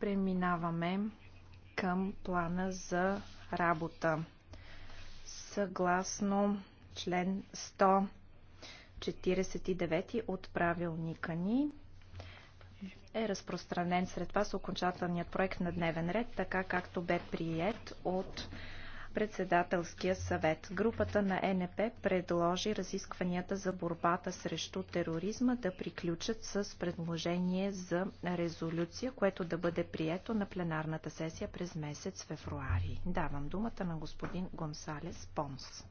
Преминаваме към плана за работа. Съгласно член 149 от правилника ни е разпространен сред вас окончателният проект на дневен ред, така както бе прият от председателския съвет. Групата на НП предложи разискванията за борбата срещу тероризма да приключат с предложение за резолюция, което да бъде прието на пленарната сесия през месец февруари. Давам думата на господин Гонсалес Понс.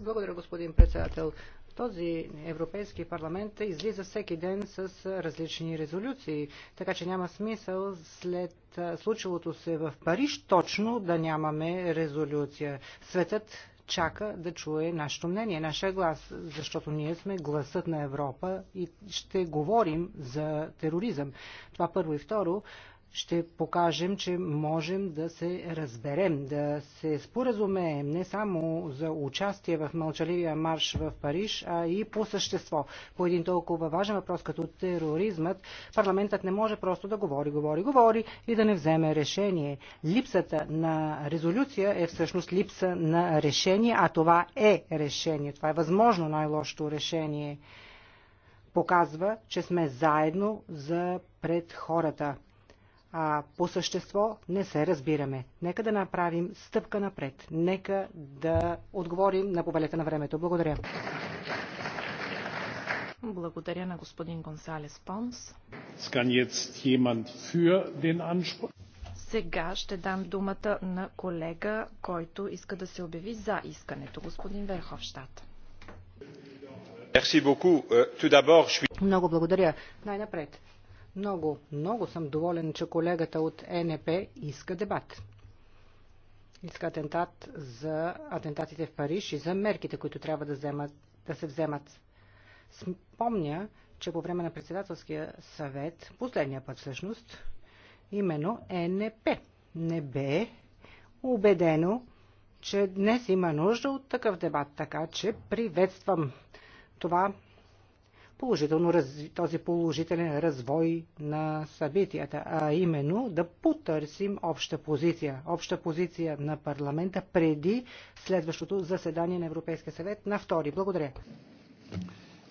Благодаря, господин председател. Този Европейски парламент излиза всеки ден с различни резолюции, така че няма смисъл след случилото се в Париж точно да нямаме резолюция. Светът чака да чуе нашето мнение, нашия глас, защото ние сме гласът на Европа и ще говорим за тероризъм. Това първо и второ ще покажем, че можем да се разберем, да се споразумеем не само за участие в мълчаливия марш в Париж, а и по същество. По един толкова важен въпрос като тероризмът, парламентът не може просто да говори, говори, говори и да не вземе решение. Липсата на резолюция е всъщност липса на решение, а това е решение. Това е възможно най-лошото решение. Показва, че сме заедно за пред хората а по същество не се разбираме. Нека да направим стъпка напред. Нека да отговорим на повелята на времето. Благодаря. Благодаря на господин Гонсалес Понс. Сега ще дам думата на колега, който иска да се обяви за искането. Господин Верховщат. Euh, Много благодаря. Най-напред. Много, много съм доволен, че колегата от НП иска дебат. Иска атентат за атентатите в Париж и за мерките, които трябва да, вземат, да се вземат. Спомня, че по време на председателския съвет, последния път всъщност, именно НП не бе убедено, че днес има нужда от такъв дебат, така че приветствам това положително, този положителен развой на събитията, а именно да потърсим обща позиция, обща позиция на парламента преди следващото заседание на Европейския съвет на втори. Благодаря.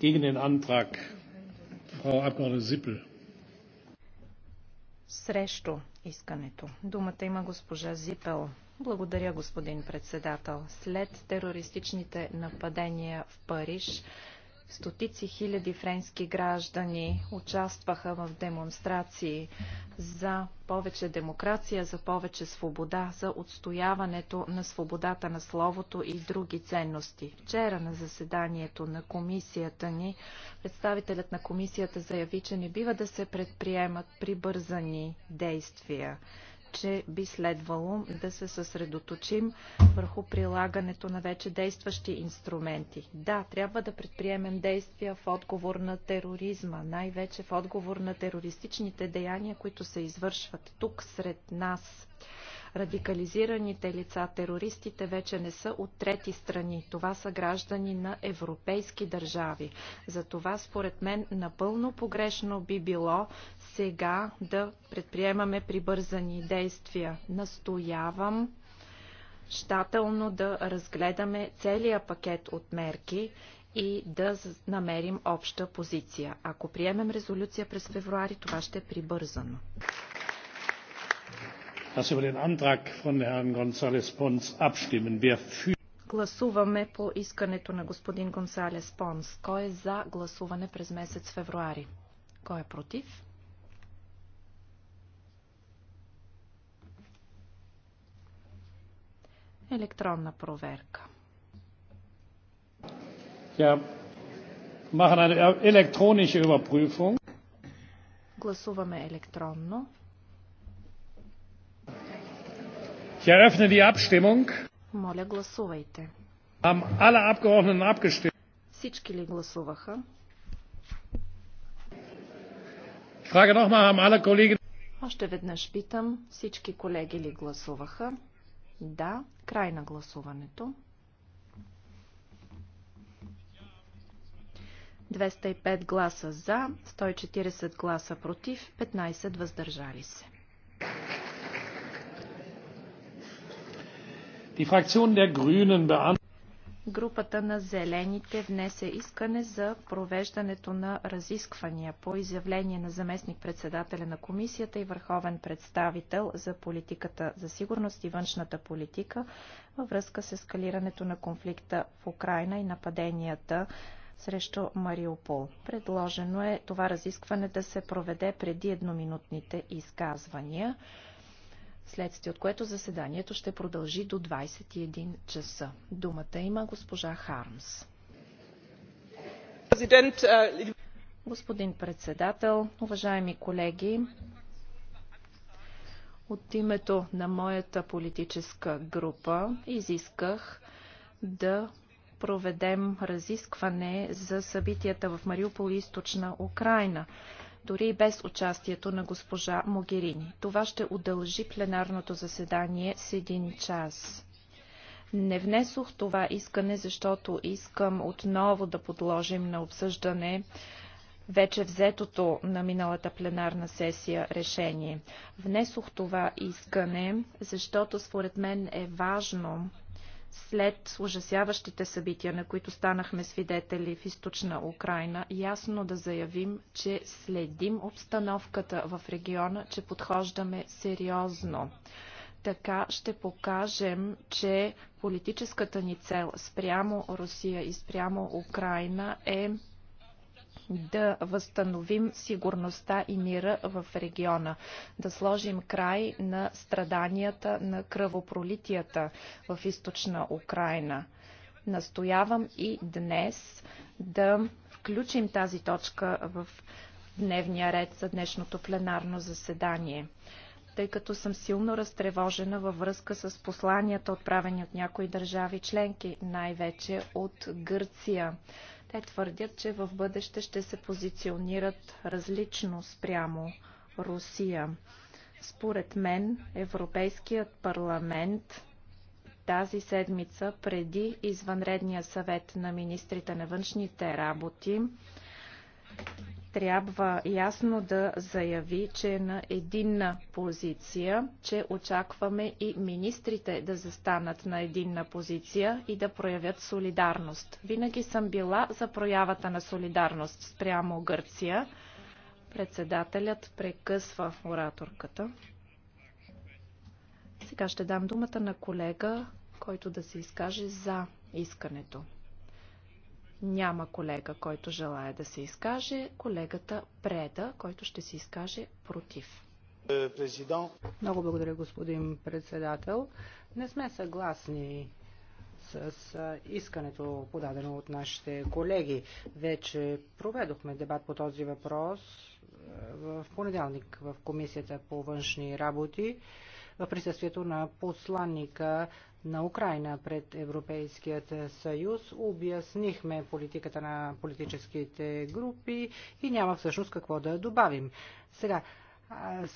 Gegen Срещу искането. Думата има госпожа Зипел. Благодаря, господин председател. След терористичните нападения в Париж, Стотици хиляди френски граждани участваха в демонстрации за повече демокрация, за повече свобода, за отстояването на свободата на словото и други ценности. Вчера на заседанието на комисията ни, представителят на комисията заяви, че не бива да се предприемат прибързани действия че би следвало да се съсредоточим върху прилагането на вече действащи инструменти. Да, трябва да предприемем действия в отговор на тероризма, най-вече в отговор на терористичните деяния, които се извършват тук сред нас. Радикализираните лица, терористите вече не са от трети страни. Това са граждани на европейски държави. Затова, според мен, напълно погрешно би било сега да предприемаме прибързани действия. Настоявам щателно да разгледаме целия пакет от мерки и да намерим обща позиция. Ако приемем резолюция през февруари, това ще е прибързано dass über den Antrag von Herrn González Pons abstimmen. Wer für Гласуваме по искането на господин Гонсалес Понс. Кой е за гласуване през месец февруари? Кой е против? Електронна проверка. Ja, machen eine e-, elektronische Überprüfung. Гласуваме електронно. Ich eröffne die Abstimmung. Моля, гласувайте. Haben alle Abgeordneten abgestimmt? Всички ли гласуваха? Ich frage haben alle Kollegen... Още веднъж питам, всички колеги ли гласуваха? Да, край на гласуването. 205 гласа за, 140 гласа против, 15 въздържали се. Групата на зелените внесе искане за провеждането на разисквания по изявление на заместник-председателя на комисията и върховен представител за политиката за сигурност и външната политика във връзка с ескалирането на конфликта в Украина и нападенията срещу Мариупол. Предложено е това разискване да се проведе преди едноминутните изказвания следствие от което заседанието ще продължи до 21 часа. Думата има госпожа Хармс. Господин председател, уважаеми колеги, от името на моята политическа група изисках да проведем разискване за събитията в Мариупол и източна Украина дори и без участието на госпожа Могерини. Това ще удължи пленарното заседание с един час. Не внесох това искане, защото искам отново да подложим на обсъждане вече взетото на миналата пленарна сесия решение. Внесох това искане, защото според мен е важно след ужасяващите събития, на които станахме свидетели в източна Украина, ясно да заявим, че следим обстановката в региона, че подхождаме сериозно. Така ще покажем, че политическата ни цел спрямо Русия и спрямо Украина е да възстановим сигурността и мира в региона, да сложим край на страданията на кръвопролитията в източна Украина. Настоявам и днес да включим тази точка в дневния ред за днешното пленарно заседание тъй като съм силно разтревожена във връзка с посланията, отправени от някои държави членки, най-вече от Гърция. Те твърдят, че в бъдеще ще се позиционират различно спрямо Русия. Според мен, Европейският парламент тази седмица преди извънредния съвет на министрите на външните работи трябва ясно да заяви, че е на единна позиция, че очакваме и министрите да застанат на единна позиция и да проявят солидарност. Винаги съм била за проявата на солидарност спрямо Гърция. Председателят прекъсва ораторката. Сега ще дам думата на колега, който да се изкаже за искането. Няма колега, който желая да се изкаже. Колегата Преда, който ще се изкаже против. Президент. Много благодаря, господин председател. Не сме съгласни с искането, подадено от нашите колеги. Вече проведохме дебат по този въпрос в понеделник в Комисията по външни работи в присъствието на посланника на Украина пред Европейският съюз. Обяснихме политиката на политическите групи и няма всъщност какво да добавим. Сега,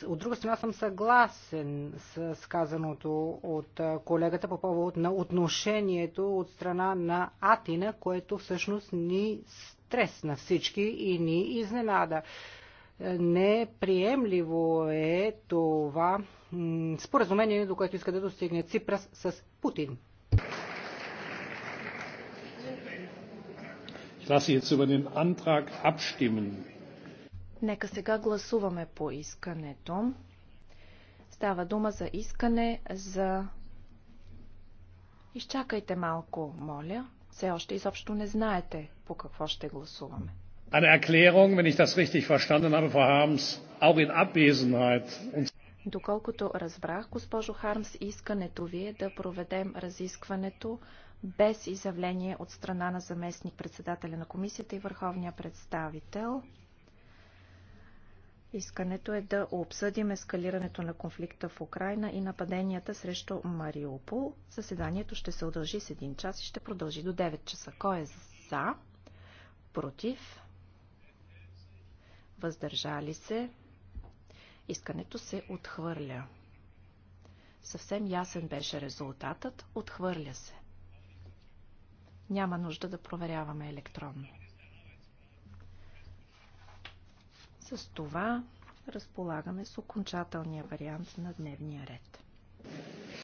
от друга страна съм съгласен с казаното от колегата по повод на отношението от страна на Атина, което всъщност ни стресна всички и ни изненада. Неприемливо е това споразумение, до което иска да достигне Ципрас с Путин. Нека сега гласуваме по искането. Става дума за искане за... Изчакайте малко, моля. Все още изобщо не знаете по какво ще гласуваме eine erklärung wenn ich das richtig verstanden habe frau harms auch in abwesenheit Доколкото разбрах, госпожо Хармс, искането ви е да проведем разискването без изявление от страна на заместник председателя на комисията и върховния представител. Искането е да обсъдим ескалирането на конфликта в Украина и нападенията срещу Мариупол. Заседанието ще се удължи с един час и ще продължи до 9 часа. Кой е за? Против? въздържали се, искането се отхвърля. Съвсем ясен беше резултатът, отхвърля се. Няма нужда да проверяваме електронно. С това разполагаме с окончателния вариант на дневния ред.